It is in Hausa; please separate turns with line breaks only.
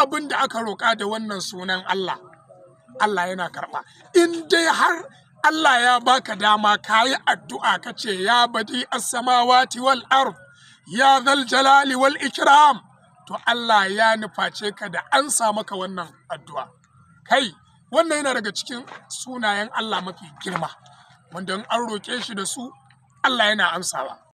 abin da aka roƙa da wannan sunan Allah Allah yana karɓa in dai har Allah ya baka dama ka yi addu'a ka ce ya badi as-samawati wal arf, ya zal jalali wal ikram to Allah ya nuface ka da an maka wannan addu'a kai wannan yana daga cikin sunayen Allah mafi girma wanda an roƙe shi da su Allah yana amsawa